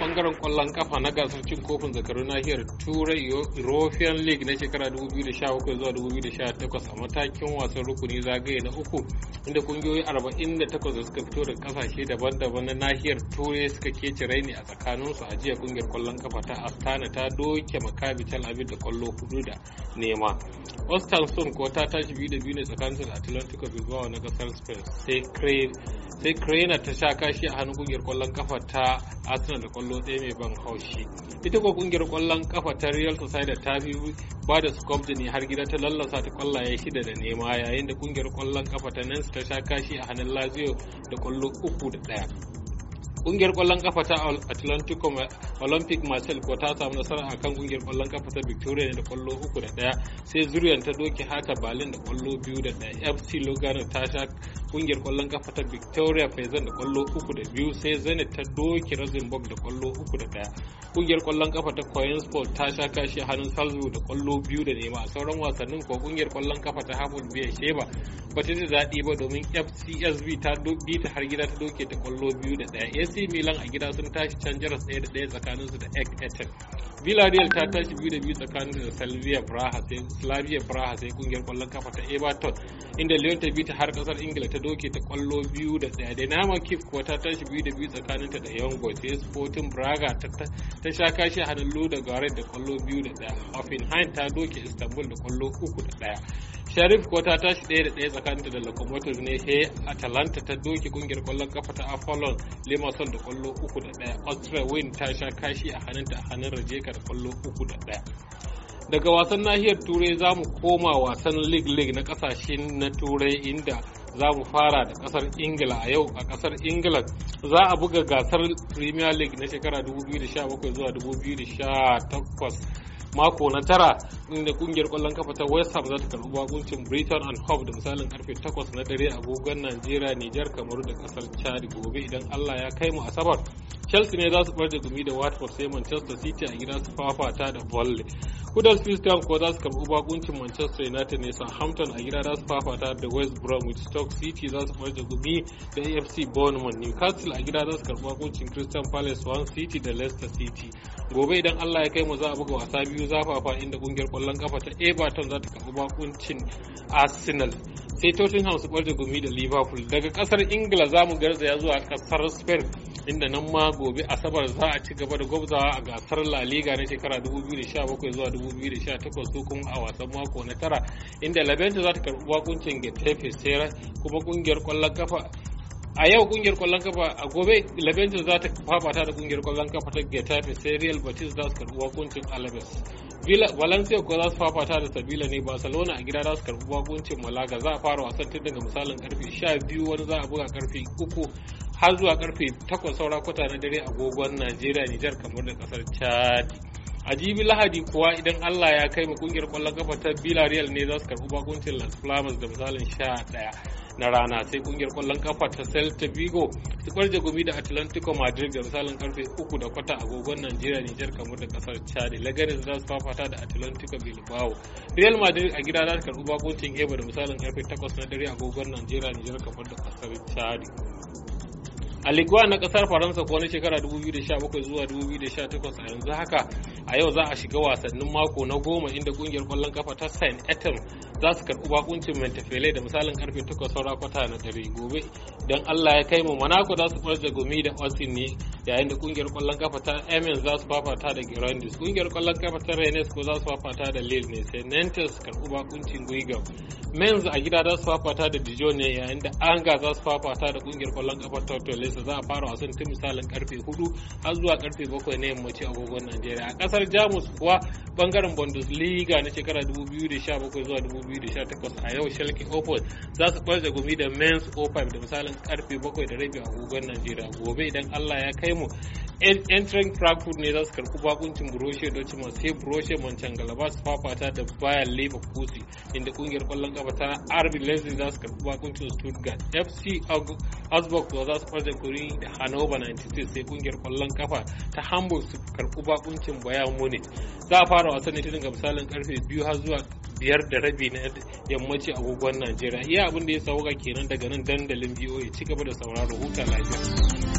bangaren kwallon kafa na gasar cin kofin zakaru nahiyar turai european league na shekara 2017 zuwa 2018 a matakin wasan rukuni zagaye na uku inda kungiyoyi 48 da suka fito da kasashe daban-daban na nahiyar turai suka kece raini a tsakaninsu a jiya kungiyar kwallon kafa ta astana ta doke makabi tel aviv da kwallo hudu da nema austin sun ko ta tashi biyu da biyu ne tsakanin da of zuwa na kasar spain sai crane ta sha kashi a hannun kungiyar kwallon kafa ta arsenal da kwallon kwallo ɗaya mai ban haushi ita ko kungiyar kwallon kafa ta real society ta bi ba da scope ne har gida ta lallasa ta kwallaye shida da nema yayin da kungiyar kwallon kafa ta nancy ta sha kashi a hannun lazio da kwallo uku da ɗaya kungiyar kwallon kafa ta atlantico olympic marcel ko ta samu nasara kan kungiyar kwallon kafa ta victoria ne da kwallo uku da daya sai zuriyar ta doke hata berlin da kwallo biyu da daya fc lugano ta sha kungiyar kwallon kafa ta victoria faizan da kwallo uku da biyu sai zenit ta doki rosenborg da kwallo uku da daya kungiyar kwallon kafa ta coin sport ta sha kashi hannun salzburg da kwallo biyu da nema a sauran wasannin ko kungiyar kwallon kafa ta hamburg bai sheba ba ta ji daɗi ba domin fcsb ta bi ta har gida ta doke ta kwallo biyu da daya ac milan a gida sun tashi can jaras da da tsakanin tsakaninsu da ek etel villarreal ta tashi biyu da biyu tsakanin da salvia braha sai slavia braha sai kungiyar kwallon kafa ta everton inda leon ta bi ta har kasar ingila ta ta doke ta kwallo biyu da daya Dynamo kif kuwa ta tashi biyu da biyu tsakaninta da Young Boys sai Sporting Braga ta sha kashi hanallu da gare da kwallo biyu da daya Hoffenheim ta doke Istanbul da kwallo uku da daya Sharif kuwa ta tashi daya da tsakanin tsakaninta da Locomotive ne he Atalanta ta doke kungiyar kwallon kafa ta Apollon Limassol da kwallo uku da daya Austria Win ta sha kashi a hannunta a hannun Rajeka da kwallo uku da daya daga wasan nahiyar turai za mu koma wasan league league na kasashen na turai inda za mu fara da kasar ingila a yau a kasar ingila za a buga gasar premier league na shekara 2017 zuwa 2018 mako na tara inda kungiyar kwallon kafa ta west ham za ta karbi bakuncin britain and hope da misalin karfe 8 na dare a agogon najeriya niger kamaru da kasar chad gobe idan allah ya kai mu asabar chelsea ne za su bar gumi da watford sai manchester city a gidan su fafata da volley Huddersfield Christian ko za su karbi bakuncin Manchester United ne Southampton a gida za su fafata da West Bromwich Stoke City za su da gumi da AFC Bournemouth Newcastle a gida za su karɓi bakuncin Crystal Palace One City da Leicester City. Gobe idan Allah ya kai mu za a buga wasa biyu zafafa inda kungiyar kwallon kafa ta Everton za ta karbi bakuncin Arsenal. sai Tottenham su ɓarje gumi da Liverpool daga kasar Ingila za mu garzaya zuwa kasar Spain inda nan ma gobe asabar za a ci gaba da gwabzawa a gasar la liga na shekara 2017 zuwa 2018 su kuma a wasan mako na tara inda labenta za ta karbi wakuncin getafe sera kuma kungiyar kwallon kafa a yau kungiyar kwallon kafa a gobe labenta za ta fafata da kungiyar kwallon kafa ta getafe serial real batis za su karbi wakuncin alabes valencia ko za su fafata da sabila ne barcelona a gida za su karbi wakuncin malaga za a fara wasan tun daga misalin karfe 12 wani za a buga karfe 3 har zuwa karfe 8 saura kwata na dare agogon Najeriya Nijar kamar da kasar Chad. A jibi Lahadi kuwa idan Allah ya kai mu kungiyar kwallon kafa ta Villarreal ne za su karbi bakuncin Las flamas da misalin daya na rana sai kungiyar kwallon kafa ta Celta Vigo su kwarje gumi da Atlantico Madrid da misalin karfe 3 da kwata agogon Najeriya Nijar kamar da kasar Chad. Leganes za su fafata da Atlantico Bilbao. Real Madrid a gida za su karbi bakuncin Eba da misalin karfe 8 na dare agogon Najeriya Nijar kamar da kasar Chad. a liguwa na kasar faransa ko na shekara 2017 zuwa 2018 a yanzu haka a yau za a shiga wasannin mako na goma inda kungiyar kwallon kafa ta saint etem za su karɓi bakuncin mentefele da misalin karfe 8 saura kwata na dare gobe don allah ya kai mu manako za su farja gumi da osin ne yayin da kungiyar kwallon kafa ta Emirates za su fafata da girandis kungiyar kwallon kafa ta Rennes ko za su fafata da Lille ne sai Nantes karɓi bakuncin Guigam Men's a gida za su fafata da Dijon ne yayin da Anga za su fafata da kungiyar kwallon kafa ta Tolesa za a fara wasan tun misalin karfe 4 har zuwa karfe 7 na yammaci agogon Najeriya a kasar Jamus kuwa bangaren Bundesliga na shekara 2017 zuwa 2018 a yau shalke opus za su kwarza gumi da Men's 05 da misalin karfe 7 da rabi agogon Najeriya gobe idan Allah ya kai mu entering frankfurt ne za su karɓi bakuncin broshe dortmund sai broshe manchangala galaba su fafata da bayan kusi inda kungiyar kwallon kafa ta rb leslie za su karɓi bakuncin stuttgart fc augsburg kuwa za su farda kuri da hannover 96 sai kungiyar kwallon kafa ta hamburg su karɓi bakuncin bayan munich za a fara wasan ne tun ga misalin karfe biyu har zuwa biyar da rabi na yammaci agogon najeriya iya abin da ya sauka kenan daga nan dandalin ya ci gaba da sauraro huta lafiya